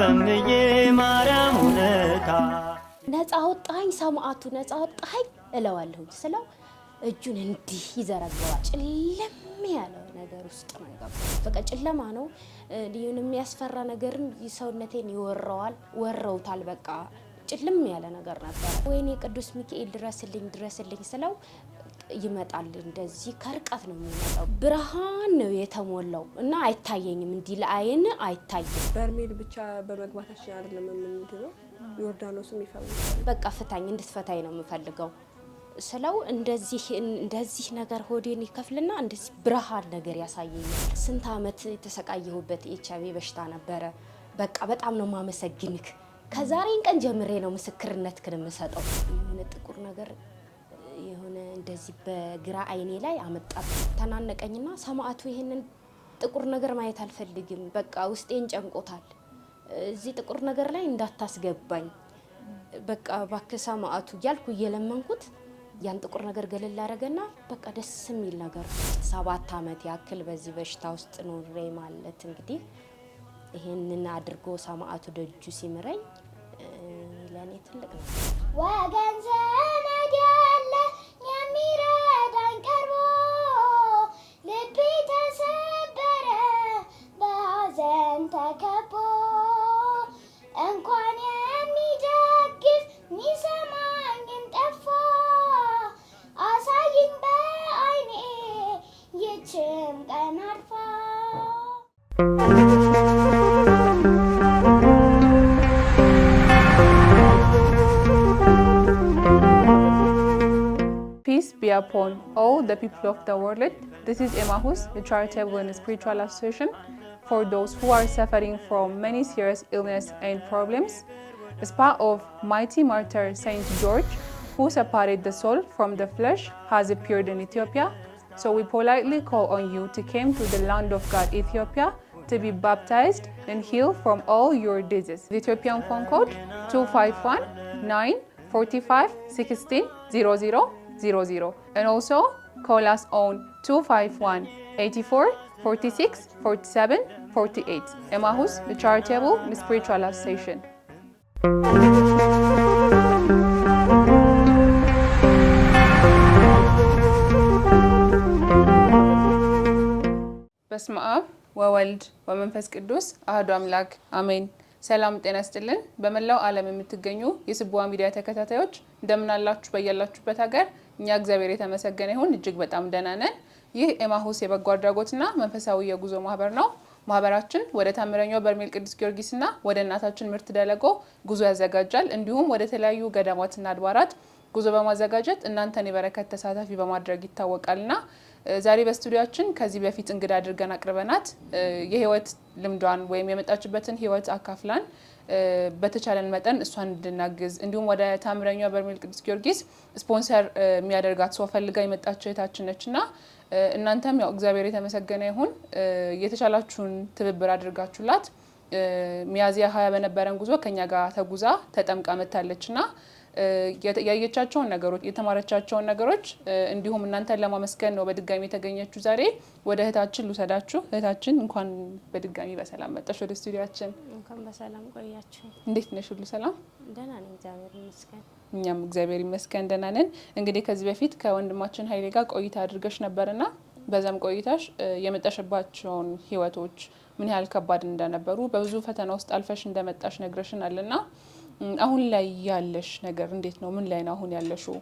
በምዬ ማርያም ሁነታ ነፃ ወጣኝ ሰማዕቱ ነፃ ወጣኝ እለዋለሁኝ ስለው እጁን እንዲህ ይዘረገዋል። ጭለም ያለ ነገር ውስጥ ነው የገባው። በቃ ጨለማ ነው። የሚያስፈራ ነገርን ሰውነቴን ይወረዋል፣ ወረውታል። በቃ ጭልም ያለ ነገር ነበር። ወይኔ ቅዱስ ሚካኤል ድረስልኝ፣ ድረስልኝ ስለው ይመጣል። እንደዚህ ከርቀት ነው የሚመጣው፣ ብርሃን ነው የተሞላው እና አይታየኝም፣ እንዲህ ለአይን አይታየም። በርሜል ብቻ በመግባታችን አይደለም የምንድነው፣ ዮርዳኖስም ይፈልጋል። በቃ ፍታኝ፣ እንድትፈታኝ ነው የምፈልገው ስለው እንደዚህ እንደዚህ ነገር ሆዴን ይከፍልና እንደዚህ ብርሃን ነገር ያሳየኛል። ስንት ዓመት የተሰቃየሁበት ኤች አይቪ በሽታ ነበረ። በቃ በጣም ነው ማመሰግንክ። ከዛሬን ቀን ጀምሬ ነው ምስክርነት ክን የምሰጠው የሆነ ጥቁር ነገር የሆነ እንደዚህ በግራ አይኔ ላይ አመጣ ተናነቀኝና ሰማዕቱ ይህንን ጥቁር ነገር ማየት አልፈልግም፣ በቃ ውስጤን ጨንቆታል። እዚህ ጥቁር ነገር ላይ እንዳታስገባኝ በቃ እባክህ ሰማዕቱ እያልኩ እየለመንኩት ያን ጥቁር ነገር ገለል አደረገና በቃ ደስ የሚል ነገር ሰባት አመት ያክል በዚህ በሽታ ውስጥ ኖሬ ማለት እንግዲህ ይህንን አድርጎ ሰማዕቱ ደጁ ሲምረኝ ለእኔ ትልቅ ነው። on all the people of the world. This is Emahus, a charitable and spiritual association for those who are suffering from many serious illness and problems. As part of mighty martyr Saint George, who separated the soul from the flesh, has appeared in Ethiopia. So we politely call on you to come to the land of God, Ethiopia, to be baptized and healed from all your diseases. The Ethiopian phone code 251 945 1600 00 and also call us on 251 84 46 47 48. Emmaus, the charitable and spiritual association. በስመ አብ ወወልድ ወመንፈስ ቅዱስ አህዶ አምላክ አሜን። ሰላም ጤና ስጥልን። በመላው ዓለም የምትገኙ የስቡሀ ሚዲያ ተከታታዮች እንደምናላችሁ በያላችሁበት ሀገር እኛ እግዚአብሔር የተመሰገነ ይሁን እጅግ በጣም ደህና ነን። ይህ ኤማሁስ የበጎ አድራጎትና መንፈሳዊ የጉዞ ማህበር ነው። ማህበራችን ወደ ታምረኛው በርሜል ቅዱስ ጊዮርጊስና ወደ እናታችን ምርት ደለጎ ጉዞ ያዘጋጃል። እንዲሁም ወደ ተለያዩ ገዳማትና አድባራት ጉዞ በማዘጋጀት እናንተን የበረከት ተሳታፊ በማድረግ ይታወቃልና ዛሬ በስቱዲያችን ከዚህ በፊት እንግዳ አድርገን አቅርበናት የህይወት ልምዷን ወይም የመጣችበትን ህይወት አካፍላን በተቻለን መጠን እሷን እንድናግዝ እንዲሁም ወደ ታምረኛ በርሜል ቅዱስ ጊዮርጊስ ስፖንሰር የሚያደርጋት ሰው ፈልጋ የመጣቸው የታችን ነች እናንተም ያው እግዚአብሔር የተመሰገነ ይሁን የተቻላችሁን ትብብር አድርጋችሁላት ሚያዝያ ሀያ በነበረን ጉዞ ከኛ ጋር ተጉዛ ተጠምቃ መታለች ና ያየቻቸውን ነገሮች የተማረቻቸውን ነገሮች እንዲሁም እናንተን ለማመስገን ነው በድጋሚ የተገኘችው። ዛሬ ወደ እህታችን ልውሰዳችሁ። እህታችን እንኳን በድጋሚ በሰላም መጣሽ ወደ ስቱዲያችን። እንኳን በሰላም ቆያችሁ። እንዴት ነሽ? ሁሉ ሰላም? ደህና ነኝ፣ እግዚአብሔር ይመስገን። እኛም እግዚአብሔር ይመስገን ደህና ነን። እንግዲህ ከዚህ በፊት ከወንድማችን ኃይሌ ጋር ቆይታ አድርገሽ ነበርና በዛም ቆይታሽ የመጣሽባቸውን ህይወቶች ምን ያህል ከባድ እንደነበሩ በብዙ ፈተና ውስጥ አልፈሽ እንደመጣሽ ነግረሽናል ና አሁን ላይ ያለሽ ነገር እንዴት ነው? ምን ላይ ነው አሁን ያለሽው?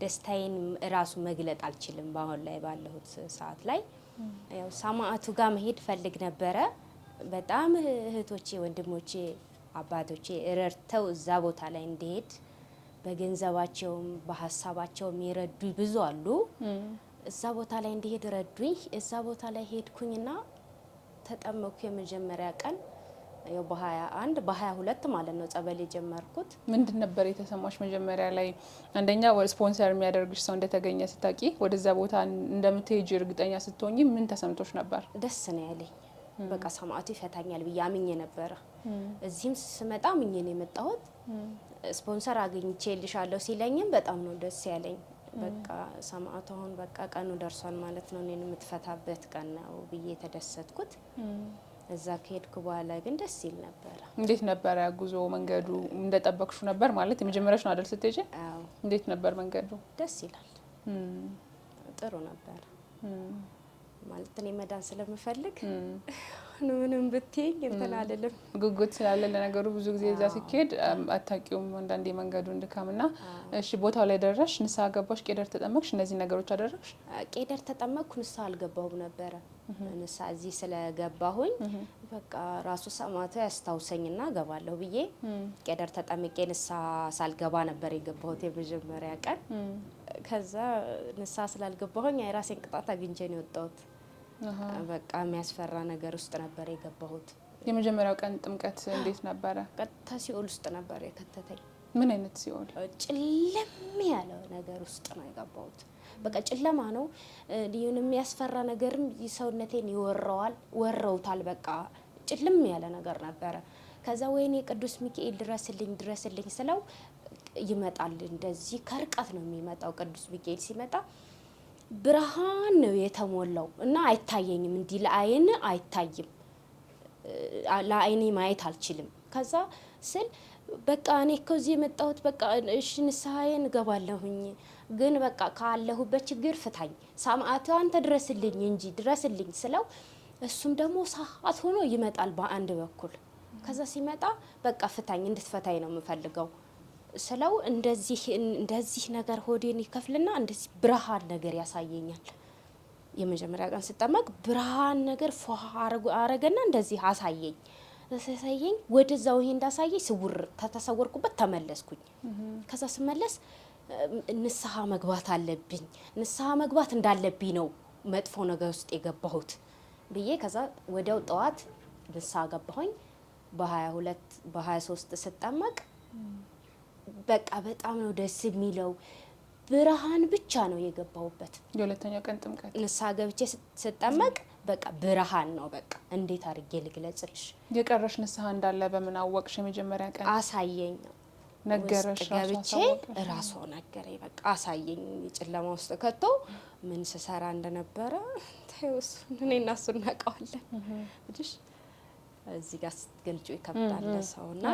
ደስታዬን እራሱ መግለጥ አልችልም። በአሁን ላይ ባለሁት ሰዓት ላይ ያው ሰማዕቱ ጋር መሄድ ፈልግ ነበረ። በጣም እህቶቼ፣ ወንድሞቼ፣ አባቶቼ ረድተው እዛ ቦታ ላይ እንዲሄድ በገንዘባቸውም በሀሳባቸውም የረዱ ብዙ አሉ። እዛ ቦታ ላይ እንዲሄድ ረዱኝ። እዛ ቦታ ላይ ሄድኩኝና ተጠመኩ የመጀመሪያ ቀን ያው በ21 በሀያ ሁለት ማለት ነው ጸበል የጀመርኩት። ምንድን ነበር የተሰማሽ መጀመሪያ ላይ? አንደኛ ስፖንሰር የሚያደርግሽ ሰው እንደተገኘ ስታቂ፣ ወደዛ ቦታ እንደምትሄጂ እርግጠኛ ስትሆኝ ምን ተሰምቶች ነበር? ደስ ነው ያለኝ። በቃ ሰማዕቱ ይፈታኛል ብዬ አምኜ ነበረ። እዚህም ስመጣ አምኜ ነው የመጣሁት። ስፖንሰር አግኝቼ ልሻለሁ ሲለኝም በጣም ነው ደስ ያለኝ። በቃ ሰማዕቱ አሁን በቃ ቀኑ ደርሷል ማለት ነው፣ እኔን የምትፈታበት ቀን ነው ብዬ የተደሰትኩት። እዛ ከሄድኩ በኋላ ግን ደስ ይል ነበረ። እንዴት ነበረ ጉዞ መንገዱ? እንደጠበቅሹ ነበር ማለት የመጀመሪያሽ ነው አደል ስትሄጂ? እንዴት ነበር መንገዱ? ደስ ይላል፣ ጥሩ ነበረ ማለት እኔ መዳን ስለምፈልግ ነው ምንም ብትይኝ እንትን አይደለም። ጉጉት ስላለ ለነገሩ ብዙ ጊዜ እዛ ሲኬድ አታውቂውም አንዳንዴ የመንገዱን ድካም እና እሺ፣ ቦታው ላይ ደረሽ፣ ንስሐ ገባሽ፣ ቄደር ተጠመቅሽ፣ እነዚህ ነገሮች አደረግሽ? ቄደር ተጠመቅኩ፣ ንስሐ አልገባሁም ነበረ። ንስሐ እዚህ ስለገባሁኝ በቃ ራሱ ሰማዕቱ ያስታውሰኝና ገባለሁ ብዬ ቄደር ተጠምቄ ንስሐ ሳልገባ ነበር የገባሁት የመጀመሪያ ቀን። ከዛ ንስሐ ስላልገባሁኝ የራሴን ቅጣት አግኝቼ ነው የወጣሁት። በቃ የሚያስፈራ ነገር ውስጥ ነበር የገባሁት። የመጀመሪያው ቀን ጥምቀት እንዴት ነበረ? ቀጥታ ሲኦል ውስጥ ነበር የከተተኝ። ምን አይነት ሲኦል? ጭለም ያለ ነገር ውስጥ ነው የገባሁት። በቃ ጨለማ ነው። የሚያስፈራ ነገርም ሰውነቴን ይወረዋል፣ ወረውታል። በቃ ጭልም ያለ ነገር ነበረ። ከዛ ወይኔ ቅዱስ ሚካኤል ድረስልኝ ድረስልኝ ስለው ይመጣል። እንደዚህ ከርቀት ነው የሚመጣው። ቅዱስ ሚካኤል ሲመጣ ብርሃን ነው የተሞላው እና አይታየኝም። እንዲህ ለአይን አይታይም፣ ለአይኔ ማየት አልችልም። ከዛ ስል በቃ እኔ እኮ እዚህ የመጣሁት በቃ እሺ ንስሐዬን እገባለሁኝ፣ ግን በቃ ካለሁበት ችግር ፍታኝ፣ ሰማዕቱ አንተ ድረስልኝ እንጂ ድረስልኝ ስለው እሱም ደግሞ ሰዓት ሆኖ ይመጣል በአንድ በኩል። ከዛ ሲመጣ በቃ ፍታኝ፣ እንድትፈታኝ ነው የምፈልገው ስለው እንደዚህ እንደዚህ ነገር ሆዴን ይከፍልና እንደዚህ ብርሃን ነገር ያሳየኛል። የመጀመሪያ ቀን ስጠመቅ ብርሃን ነገር ፏ አረገና እንደዚህ አሳየኝ። ሳሳየኝ ወደዛው ይሄ እንዳሳየኝ ስውር ተተሰወርኩበት ተመለስኩኝ። ከዛ ስመለስ ንስሐ መግባት አለብኝ፣ ንስሐ መግባት እንዳለብኝ ነው መጥፎ ነገር ውስጥ የገባሁት ብዬ ከዛ ወዲያው ጠዋት ንስሐ ገባሁኝ። በ22 በ23 ስጠመቅ በቃ በጣም ነው ደስ የሚለው። ብርሃን ብቻ ነው የገባሁበት። የሁለተኛ ቀን ጥምቀት ንስሐ ገብቼ ስጠመቅ በቃ ብርሃን ነው። በቃ እንዴት አድርጌ ልግለጽልሽ? የቀረሽ ንስሐ እንዳለ በምን አወቅሽ? የመጀመሪያ ቀን አሳየኝ ነገረሽ? ገብቼ ራሷ ነገረኝ። በቃ አሳየኝ። ጨለማ ውስጥ ከቶ ምን ስሰራ እንደነበረ ታዩስ። እኔ እና እሱ እናውቀዋለን። እዚህ ጋር ስትገልጩ ይከብዳል ሰውና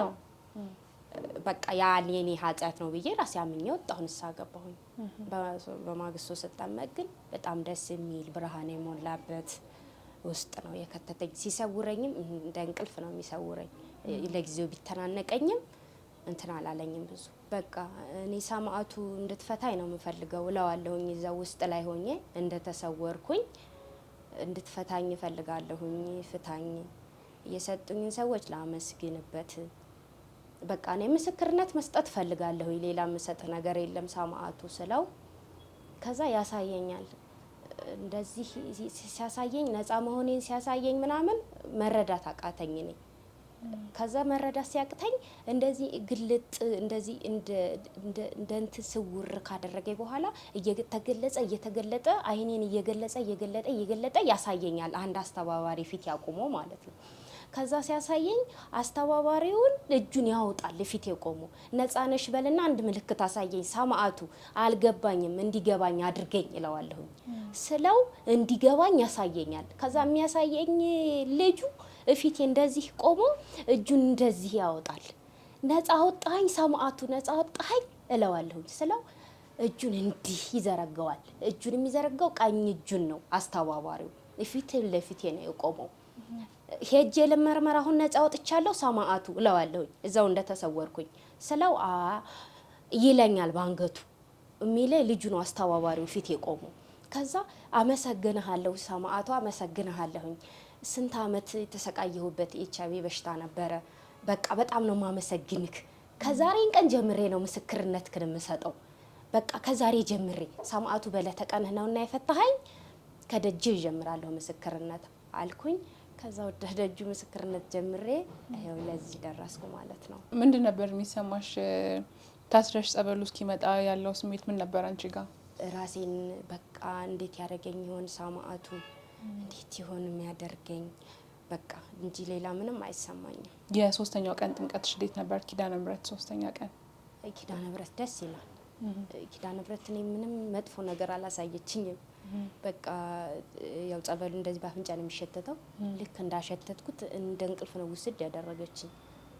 በቃ ያን የኔ ኃጢአት ነው ብዬ ራሴ አምኜ ወጣሁ፣ ንስሐ ገባሁኝ። በማግስቱ ስጠመቅ ግን በጣም ደስ የሚል ብርሃን የሞላበት ውስጥ ነው የከተተኝ። ሲሰውረኝም እንደ እንቅልፍ ነው የሚሰውረኝ። ለጊዜው ቢተናነቀኝም እንትን አላለኝም ብዙ በቃ እኔ ሰማዕቱ እንድትፈታኝ ነው የምፈልገው እለዋለሁኝ። እዛ ውስጥ ላይ ሆኜ እንደተሰወርኩኝ እንድትፈታኝ እፈልጋለሁኝ፣ ፍታኝ፣ የሰጡኝን ሰዎች ላመስግንበት በቃ እኔ ምስክርነት መስጠት ፈልጋለሁ፣ ሌላ የምሰጥ ነገር የለም ሰማዕቱ ስለው ከዛ ያሳየኛል። እንደዚህ ሲያሳየኝ ነፃ መሆኔን ሲያሳየኝ ምናምን መረዳት አቃተኝ እኔ። ከዛ መረዳት ሲያቅተኝ እንደዚህ ግልጥ እንደዚህ እንደ እንትን ስውር ካደረገ በኋላ እየተገለጸ እየተገለጠ አይኔን እየገለጸ እየገለጠ እየገለጠ ያሳየኛል። አንድ አስተባባሪ ፊት ያቁሞ ማለት ነው። ከዛ ሲያሳየኝ አስተባባሪውን እጁን ያወጣል። ፊት የቆሙ ነጻነሽ በልና አንድ ምልክት አሳየኝ። ሰማዕቱ አልገባኝም እንዲገባኝ አድርገኝ ይለዋለሁኝ። ስለው እንዲገባኝ ያሳየኛል። ከዛ የሚያሳየኝ ልጁ እፊቴ እንደዚህ ቆሞ እጁን እንደዚህ ያወጣል። ነጻ ወጣኝ ሰማዕቱ ነጻ ወጣኝ እለዋለሁኝ ስለው እጁን እንዲህ ይዘረገዋል። እጁን የሚዘረጋው ቀኝ እጁን ነው። አስተባባሪው ፊት ለፊቴ ነው የቆመው። ሄጄ ልመርመር አሁን ነፃ ወጥቻለሁ ሰማዕቱ እለዋለሁኝ እዛው እንደተሰወርኩኝ ስለው ይለኛል ባንገቱ የሚለ ልጁ ነው አስተባባሪው ፊት የቆሙ ከዛ አመሰግንሃለሁ ሰማዕቱ አመሰግንሃለሁኝ ስንት አመት የተሰቃየሁበት ኤች አይቪ በሽታ ነበረ በቃ በጣም ነው ማመሰግንክ ከዛሬን ቀን ጀምሬ ነው ምስክርነትክን የምሰጠው በቃ ከዛሬ ጀምሬ ሰማዕቱ በለተቀንህ ነውና የፈታኸኝ ከደጅ ይጀምራለሁ ምስክርነት አልኩኝ ከዛ ወደ ደጁ ምስክርነት ጀምሬ ይኸው ለዚህ ደረስኩ ማለት ነው። ምንድን ነበር የሚሰማሽ ታስረሽ ጸበሉ እስኪመጣ ያለው ስሜት ምን ነበር አንቺ ጋር? ራሴን በቃ እንዴት ያደረገኝ ይሆን ሰማዕቱ እንዴት ይሆን የሚያደርገኝ በቃ እንጂ ሌላ ምንም አይሰማኝም። የሶስተኛው ቀን ጥምቀትሽ እንዴት ነበር? ኪዳነ ምሕረት ሶስተኛ ቀን ኪዳነ ምሕረት ደስ ይላል። ኪዳነ ምሕረት እኔ ምንም መጥፎ ነገር አላሳየችኝም። በቃ ያው ጸበሉ እንደዚህ በአፍንጫ ነው የሚሸተተው። ልክ እንዳሸተትኩት እንደ እንቅልፍ ነው ውስድ ያደረገችኝ።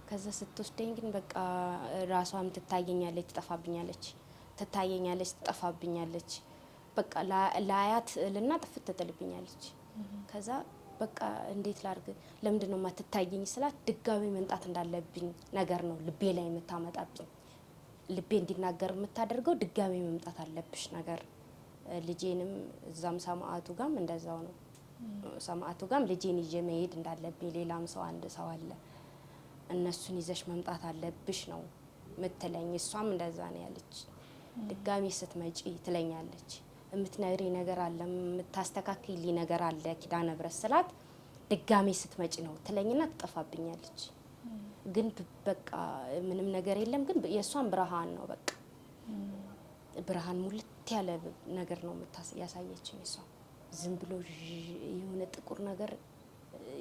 ከዛ ስትወስደኝ ግን በቃ ራሷም ትታየኛለች፣ ትጠፋብኛለች፣ ትታየኛለች፣ ትጠፋብኛለች። በቃ ለአያት ልና ጥፍት ትጥልብኛለች። ከዛ በቃ እንዴት ላርግ ለምንድን ነው የማትታየኝ ስላት ድጋሚ መምጣት እንዳለብኝ ነገር ነው ልቤ ላይ የምታመጣብኝ። ልቤ እንዲናገር የምታደርገው ድጋሚ መምጣት አለብሽ ነገር ልጄንም እዛም ሰማአቱ ጋም እንደዛው ነው። ሰማአቱ ጋም ልጄን ይዤ መሄድ እንዳለብኝ ሌላም ሰው አንድ ሰው አለ እነሱን ይዘሽ መምጣት አለብሽ ነው ምትለኝ። እሷም እንደዛ ነው ያለች። ድጋሚ ስትመጪ ትለኛለች። የምትነግሪ ነገር አለ፣ የምታስተካክል ነገር አለ ኪዳነ ብረት ስላት ድጋሚ ስትመጪ ነው ትለኝና ትጠፋብኛለች። ግን በቃ ምንም ነገር የለም። ግን የእሷን ብርሃን ነው በቃ ብርሃን ሙልት ጥርት ያለ ነገር ነው ያሳየችኝ። እሷ ዝም ብሎ የሆነ ጥቁር ነገር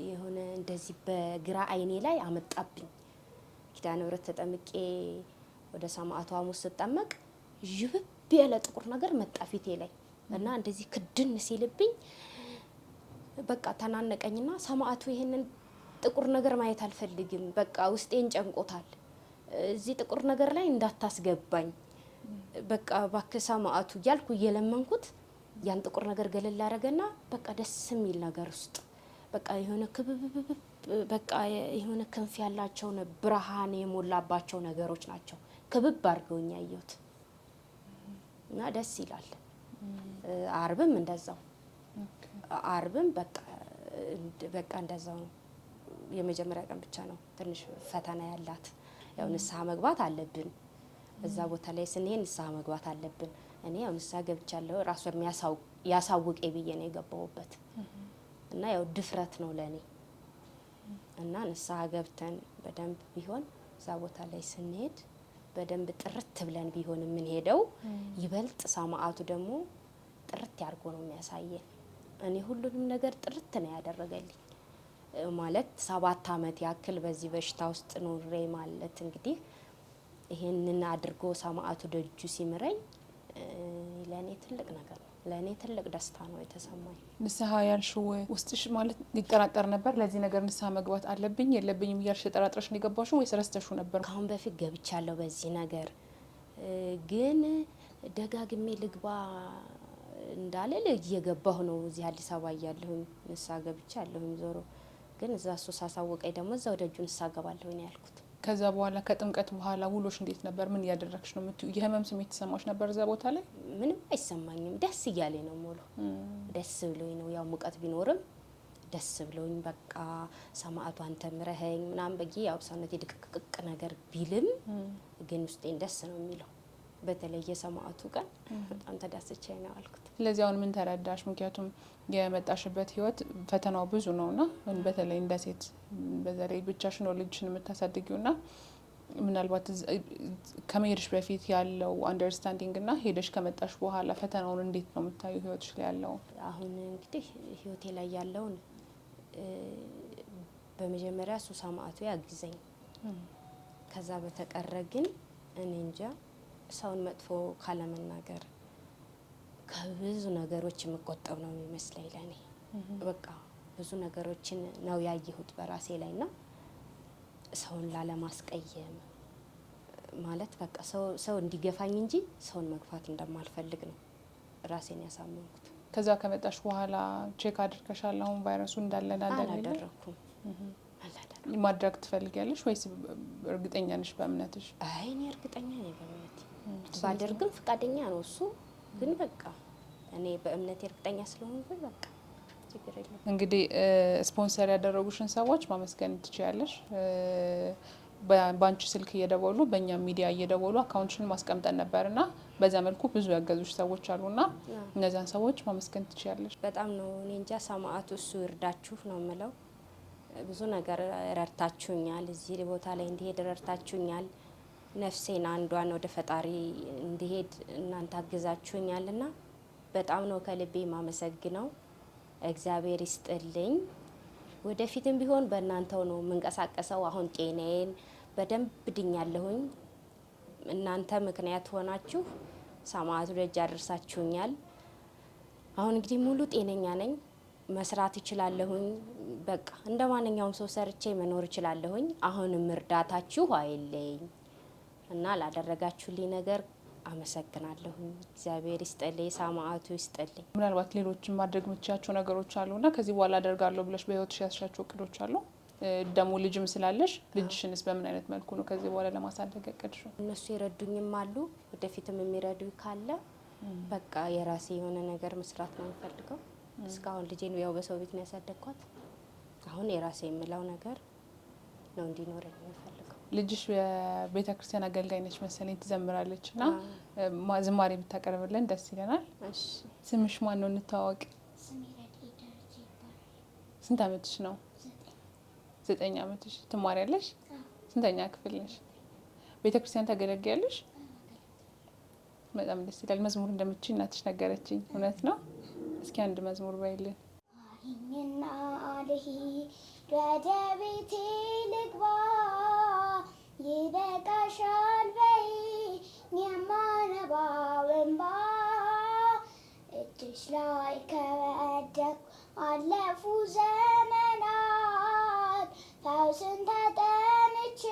የሆነ እንደዚህ በግራ አይኔ ላይ አመጣብኝ። ኪዳነ ምሕረት ተጠምቄ ወደ ሰማዕቱ ሐሙስ ስጠመቅ ዥብብ ያለ ጥቁር ነገር መጣ ፊቴ ላይ እና እንደዚህ ክድን ሲልብኝ በቃ ተናነቀኝና ሰማዕቱ ይሄንን ጥቁር ነገር ማየት አልፈልግም፣ በቃ ውስጤን ጨንቆታል፣ እዚህ ጥቁር ነገር ላይ እንዳታስገባኝ በቃ ባክሳ ማአቱ እያልኩ እየለመንኩት ያን ጥቁር ነገር ገለል አረገና በቃ ደስ የሚል ነገር ውስጥ በቃ የሆነ ክብብብብ በቃ የሆነ ክንፍ ያላቸው ብርሃን የሞላባቸው ነገሮች ናቸው። ክብብ አድርገውኝ ያየሁት እና ደስ ይላል። አርብም እንደዛው አርብም በቃ እንደዛው ነው። የመጀመሪያ ቀን ብቻ ነው ትንሽ ፈተና ያላት። ያው ንስሐ መግባት አለብን እዛ ቦታ ላይ ስንሄድ ንስሐ መግባት አለብን። እኔ ያው ንስሐ ገብቻለሁ ራሱ ያሳውቀ ብዬ ነው የገባሁበት እና ያው ድፍረት ነው ለእኔ እና ንስሐ ገብተን በደንብ ቢሆን እዛ ቦታ ላይ ስንሄድ በደንብ ጥርት ብለን ቢሆን የምንሄደው ይበልጥ ሰማዕቱ ደግሞ ጥርት ያድርጎ ነው የሚያሳየን። እኔ ሁሉንም ነገር ጥርት ነው ያደረገልኝ። ማለት ሰባት አመት ያክል በዚህ በሽታ ውስጥ ኖሬ ማለት እንግዲህ ይሄንን አድርጎ ሰማዕቱ ደጁ ሲምረኝ ለእኔ ትልቅ ነገር ነው። ለእኔ ትልቅ ደስታ ነው የተሰማኝ። ንስሐ ያልሽው ውስጥሽ ማለት ሊጠራጠር ነበር። ለዚህ ነገር ንስሐ መግባት አለብኝ የለብኝም እያልሽ ጠራጥረሽ ነው የገባሽው ወይስ ረስተሽው ነበር? ከአሁን በፊት ገብቻለሁ በዚህ ነገር ግን ደጋግሜ ልግባ እንዳለ እየገባሁ ነው። እዚህ አዲስ አበባ እያለሁኝ ንስሐ ገብቻ አለሁኝ። ዞሮ ግን እዛ እሱ ሳሳወቀኝ ደግሞ እዛ ወደ እጁ ንስሐ ገባለሁኝ ያልኩት ከዛ በኋላ ከጥምቀት በኋላ ውሎሽ እንዴት ነበር? ምን እያደረግሽ ነው የምትይው? የህመም ስሜት ተሰማሽ ነበር እዛ ቦታ ላይ? ምንም አይሰማኝም። ደስ እያለኝ ነው ሙሉ ደስ ብሎኝ ነው። ያው ሙቀት ቢኖርም ደስ ብሎኝ በቃ ሰማዕቱ አንተ ምረኸኝ ምናምን በጊ ያው ነገር ቢልም ግን ውስጤን ደስ ነው የሚለው። በተለይ የሰማዕቱ ቀን በጣም ተዳስቼ ነው አልኩት። ስለዚህ አሁን ምን ተረዳሽ? ምክንያቱም የመጣሽበት ህይወት ፈተናው ብዙ ነውና በተለይ እንደ ሴት በዘሬ ብቻሽን ልጅሽን የምታሳድጊውና ምናልባት ከመሄድሽ በፊት ያለው አንደርስታንዲንግ እና ሄደሽ ከመጣሽ በኋላ ፈተናውን እንዴት ነው የምታዩ ህይወትሽ ላይ ያለው? አሁን እንግዲህ ህይወቴ ላይ ያለውን በመጀመሪያ ሱሳ ማዕቱ ያግዘኝ። ከዛ በተቀረ ግን እኔ እንጃ ሰውን መጥፎ ካለመናገር ከብዙ ነገሮች የምቆጠብ ነው የሚመስለኝ ለእኔ በቃ ብዙ ነገሮችን ነው ያየሁት በራሴ ላይ ና ሰውን ላለማስቀየም ማለት በቃ ሰው ሰው እንዲገፋኝ እንጂ ሰውን መግፋት እንደማልፈልግ ነው ራሴን ያሳመንኩት። ከዛ ከመጣሽ በኋላ ቼክ አድርገሻል? አሁን ቫይረሱ እንዳለ አላደረግኩም። ማድረግ ትፈልጊያለሽ ወይስ እርግጠኛ ነሽ በእምነትሽ? አይ እኔ እርግጠኛ ነኝ በእምነት ባደርግም ፈቃደኛ ነው እሱ ግን በቃ እኔ በእምነት እርግጠኛ ስለሆንኩኝ በቃ ችግር የለም። እንግዲህ ስፖንሰር ያደረጉሽን ሰዎች ማመስገን ትችያለሽ። በአንቺ ስልክ እየደወሉ በእኛ ሚዲያ እየደወሉ አካውንትሽን ማስቀምጠን ነበር እና በዛ መልኩ ብዙ ያገዙች ሰዎች አሉና እነዚያን ሰዎች ማመስገን ትችያለሽ። በጣም ነው እኔ እንጃ ሰማዕቱ እሱ ይርዳችሁ ነው የምለው። ብዙ ነገር ረድታችሁኛል። እዚህ ቦታ ላይ እንዲሄድ ረድታችሁኛል። ነፍሴን አንዷን ወደ ፈጣሪ እንዲሄድ እናንተ አግዛችሁኛል ና። በጣም ነው ከልቤ የማመሰግነው። እግዚአብሔር ይስጥልኝ። ወደፊትም ቢሆን በእናንተው ነው የምንቀሳቀሰው። አሁን ጤናዬን በደንብ ድኛለሁኝ። እናንተ ምክንያት ሆናችሁ ሰማዕቱ ደጅ አደርሳችሁኛል። አሁን እንግዲህ ሙሉ ጤነኛ ነኝ፣ መስራት እችላለሁኝ። በቃ እንደ ማንኛውም ሰው ሰርቼ መኖር እችላለሁኝ። አሁንም እርዳታችሁ አይለኝ እና ላደረጋችሁልኝ ነገር አመሰግናለሁ እግዚአብሔር ይስጠልኝ፣ ሰማዕቱ ይስጠልኝ። ምናልባት ሌሎችን ማድረግ የምትችያቸው ነገሮች አሉና ከዚህ በኋላ አደርጋለሁ ብለሽ በህይወት ያሻቸው እቅዶች አሉ? ደግሞ ልጅም ስላለሽ ልጅሽንስ በምን አይነት መልኩ ነው ከዚህ በኋላ ለማሳደግ እቅድሽ? እነሱ የረዱኝም አሉ፣ ወደፊትም የሚረዱ ካለ በቃ የራሴ የሆነ ነገር መስራት ነው የምፈልገው። እስካሁን ልጄን ያው በሰው ቤት ነው ያሳደግኳት። አሁን የራሴ የምለው ነገር ነው እንዲኖረኝ ልጅሽ የቤተክርስቲያን ክርስቲያን አገልጋይ ነች መሰለኝ፣ ትዘምራለች እና ዝማሬ ብታቀርብልን ደስ ይለናል። ስምሽ ማን ነው? እንታዋወቅ። ስንት አመትሽ ነው? ዘጠኝ አመትሽ። ትማሪያለሽ? ስንተኛ ክፍል ነሽ? ቤተ ክርስቲያን ታገለግያለሽ? በጣም ደስ ይላል። መዝሙር እንደምትች እናትሽ ነገረችኝ። እውነት ነው? እስኪ አንድ መዝሙር ባይልን ደደ ቤቴ ልግባ ይበቃሻል በይ የማነባው እንባ እጅሽ ላይ ከወደኩ አለፉ ዘመናት ፈውስን ተጠምቼ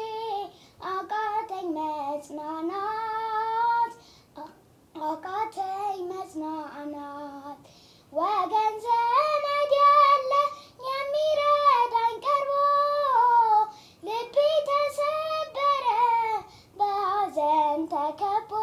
አቃተኝ መጽናናት አቃተኝ መጽናናት ወገንዘብ I can't Like it.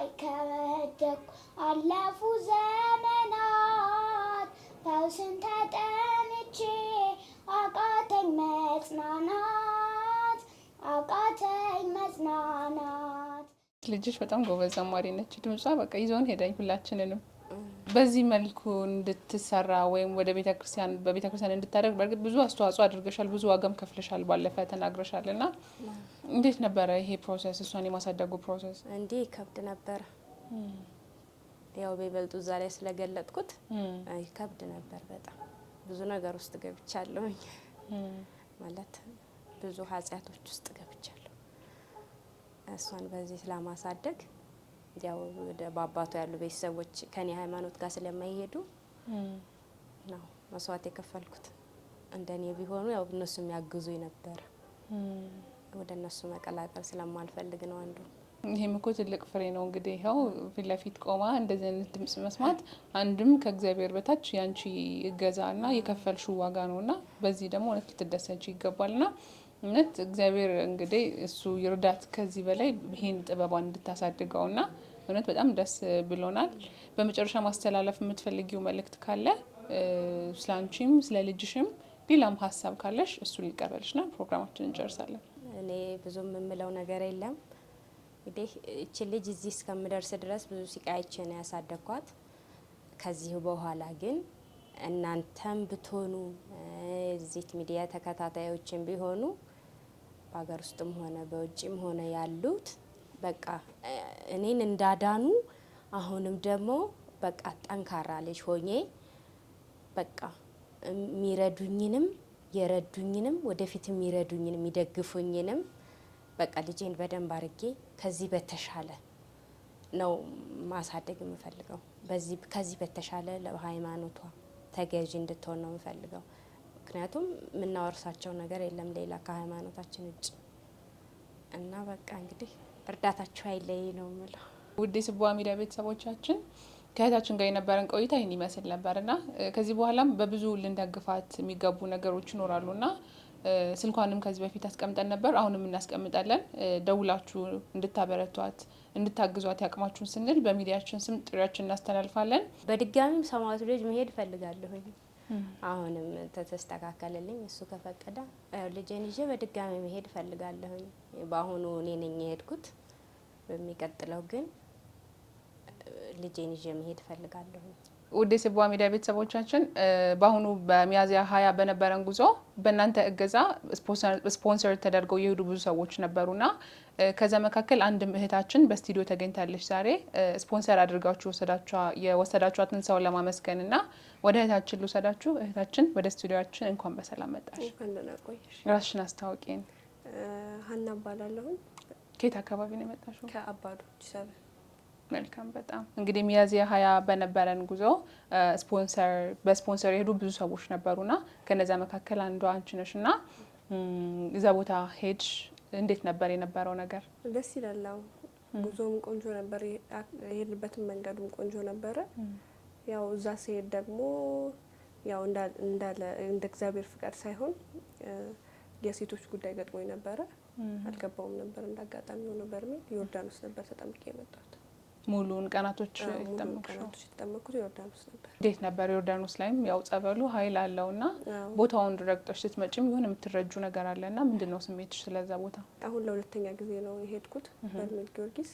አይከበደኩ አለፉ ዘመናት ፈውስን ተጠምቼ አቃተኝ መጽናናት አቃተኝ መጽናናት። ልጅሽ በጣም ጎበዝ ዘማሪ ነች። ድምጿ በቃ ይዞን ሄዳኝ ሁላችንንም በዚህ መልኩ እንድትሰራ ወይም ወደ ቤተክርስቲያን በቤተክርስቲያን እንድታደርግ በእርግጥ ብዙ አስተዋጽኦ አድርገሻል፣ ብዙ ዋጋም ከፍለሻል፣ ባለፈ ተናግረሻል። እና እንዴት ነበረ ይሄ ፕሮሰስ እሷን የማሳደጉ ፕሮሰስ? እንዲህ ከብድ ነበር። ያው በይበልጡ እዛ ላይ ስለገለጥኩት ከብድ ነበር። በጣም ብዙ ነገር ውስጥ ገብቻለሁኝ፣ ማለት ብዙ ኃጢአቶች ውስጥ ገብቻለሁ። እሷን በዚህ ስለማሳደግ ያው ወደ በአባቱ ያሉ ቤተሰቦች ከኔ ሃይማኖት ጋር ስለማይሄዱ ነው መስዋዕት የከፈልኩት። እንደኔ ቢሆኑ ያው እነሱ የሚያግዙኝ ነበር ወደ እነሱ መቀላቀል ስለማልፈልግ ነው አንዱ ይህም እኮ ትልቅ ፍሬ ነው እንግዲህ ይኸው ፊት ለፊት ቆማ እንደዚህ አይነት ድምጽ መስማት አንድም ከእግዚአብሔር በታች ያንቺ እገዛና የከፈልሹ ዋጋ ነው እና በዚህ ደግሞ እውነት ልትደሰች ይገባል ና እምነት እግዚአብሔር እንግዲህ እሱ ይርዳት ከዚህ በላይ ይህን ጥበቧን እንድታሳድገው ና እውነት በጣም ደስ ብሎናል። በመጨረሻ ማስተላለፍ የምትፈልጊው መልእክት ካለ ስለ አንቺም ስለ ልጅሽም ሌላም ሀሳብ ካለሽ እሱን ና ፕሮግራማችን እንጨርሳለን። እኔ ብዙም የምለው ነገር የለም። እንግዲህ እቺ ልጅ እዚህ እስከምደርስ ድረስ ብዙ ሲቃይቼ ነው ያሳደግኳት። ከዚህ በኋላ ግን እናንተም ብትሆኑ የዚህ ሚዲያ ተከታታዮችን ቢሆኑ በሀገር ውስጥም ሆነ በውጭም ሆነ ያሉት በቃ እኔን እንዳዳኑ አሁንም ደግሞ በቃ ጠንካራ ልጅ ሆኜ በቃ የሚረዱኝንም የረዱኝንም ወደፊት የሚረዱኝንም የሚደግፉኝንም በቃ ልጄን በደንብ አድርጌ ከዚህ በተሻለ ነው ማሳደግ የምፈልገው። ከዚህ በተሻለ ለሃይማኖቷ ተገዥ እንድትሆን ነው የምፈልገው። ምክንያቱም የምናወርሳቸው ነገር የለም ሌላ ከሃይማኖታችን ውጭ እና በቃ እንግዲህ እርዳታችሁ አይለይ ነው የምለው። ውድ ስቡሀ ሚዲያ ቤተሰቦቻችን ከእህታችን ጋር የነበረን ቆይታ ይህን ይመስል ነበርና ከዚህ በኋላም በብዙ ልንደግፋት የሚገቡ ነገሮች ይኖራሉና ስልኳንም ከዚህ በፊት አስቀምጠን ነበር፣ አሁንም እናስቀምጣለን። ደውላችሁ እንድታበረቷት እንድታግዟት ያቅማችሁን ስንል በሚዲያችን ስም ጥሪያችን እናስተላልፋለን። በድጋሚም ሰማዕቱ ልጅ መሄድ እፈልጋለሁኝ። አሁንም ተተስተካከለልኝ እሱ ከፈቀደ ልጄን ይዤ በድጋሚ መሄድ እፈልጋለሁኝ። በአሁኑ እኔ ነኝ የሄድኩት። በሚቀጥለው ግን ልጄን ይዤ መሄድ እፈልጋለሁኝ። ውድ ስቧ ሚዲያ ቤተሰቦቻችን በአሁኑ በሚያዝያ ሀያ በነበረን ጉዞ በእናንተ እገዛ ስፖንሰር ተደርገው የሄዱ ብዙ ሰዎች ነበሩና ከዛ መካከል አንድ እህታችን በስቱዲዮ ተገኝታለች። ዛሬ ስፖንሰር አድርጋችሁ የወሰዳችኋትን ሰው ለማመስገን እና ወደ እህታችን ልውሰዳችሁ። እህታችን ወደ ስቱዲዮችን እንኳን በሰላም መጣሽ። ራስሽን አስታውቂን። ሀና እባላለሁ። ከየት አካባቢ ነው የመጣሽው? ከአባዶች ሰብ መልካም በጣም እንግዲህ ሚያዝያ ሀያ በነበረን ጉዞ ስፖንሰር በስፖንሰር የሄዱ ብዙ ሰዎች ነበሩና ከነዛ መካከል አንዷ አንቺ ነሽ እና እዛ ቦታ ሄድሽ እንዴት ነበር የነበረው ነገር? ደስ ይላል። ጉዞም ቆንጆ ነበር፣ የሄድንበትን መንገዱም ቆንጆ ነበረ። ያው እዛ ሲሄድ ደግሞ ያው እንዳለ እንደ እግዚአብሔር ፍቃድ ሳይሆን የሴቶች ጉዳይ ገጥሞኝ ነበረ። አልገባውም ነበር። እንዳጋጣሚ ሆኖ በርሜል ዮርዳኖስ ነበር ተጠምቄ የመጣሁት። ሙሉውን ቀናቶች ቀናቶች ዮርዳኖስ ነበር። እንዴት ነበር? ዮርዳኖስ ላይም ያው ጸበሉ ኃይል አለው እና ቦታውን ረግጠሽ ስትመጪም የሆነ የምትረጁ ነገር አለ እና ምንድን ነው ስሜትሽ ስለዛ ቦታ? አሁን ለሁለተኛ ጊዜ ነው የሄድኩት በርሜል ጊዮርጊስ።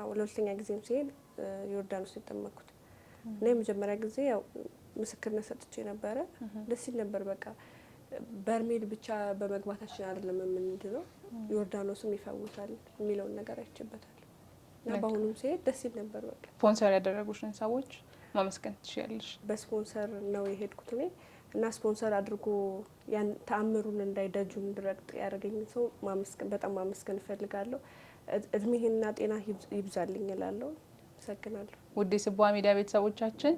ለሁለተኛ ጊዜም ሲሄድ ዮርዳኖስ የጠመኩት እና የመጀመሪያ ጊዜ ያው ምስክርነት ሰጥቼ ነበረ። ደስ ይል ነበር። በቃ በርሜል ብቻ በመግባታችን አይደለም ነው ዮርዳኖስም ይፈውሳል የሚለውን ነገር አይችበታል እና በአሁኑም ሲሄድ ደስ ይል ነበር። በቃ ስፖንሰር ያደረጉሽን ሰዎች ማመስገን ትችያለሽ። በስፖንሰር ነው የሄድኩት እኔ እና ስፖንሰር አድርጎ ያን ተአምሩን እንዳይደጁ እንድረግጥ ያደረገኝ ሰው ማመስገን በጣም ማመስገን እፈልጋለሁ። እድሜህና ጤና ይብዛልኝ እላለሁ። አመሰግናለሁ። ውዴ ስቧ ሚዲያ ቤተሰቦቻችን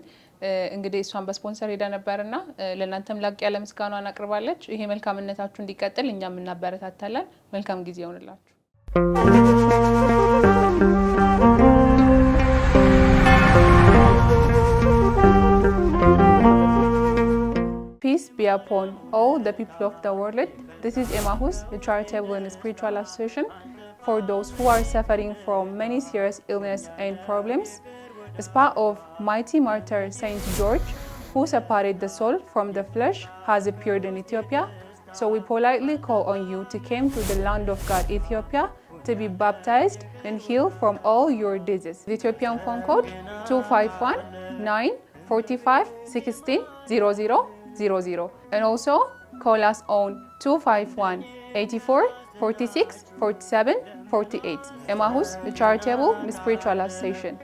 እንግዲህ እሷን በስፖንሰር ሄዳ ነበርና ለእናንተም ላቅ ያለ ምስጋኗን አቅርባለች። ይሄ መልካምነታችሁ እንዲቀጥል እኛም እናበረታታለን። መልካም ጊዜ ይሆንላችሁ። upon all oh, the people of the world. This is Emahus, a charitable and spiritual association for those who are suffering from many serious illness and problems. As part of mighty martyr Saint George, who separated the soul from the flesh, has appeared in Ethiopia. So we politely call on you to come to the land of God, Ethiopia, to be baptized and healed from all your diseases. The Ethiopian phone code 251 945 1600 and also call us on 251 84 46 47 48. Emahus, the charitable spiritualization.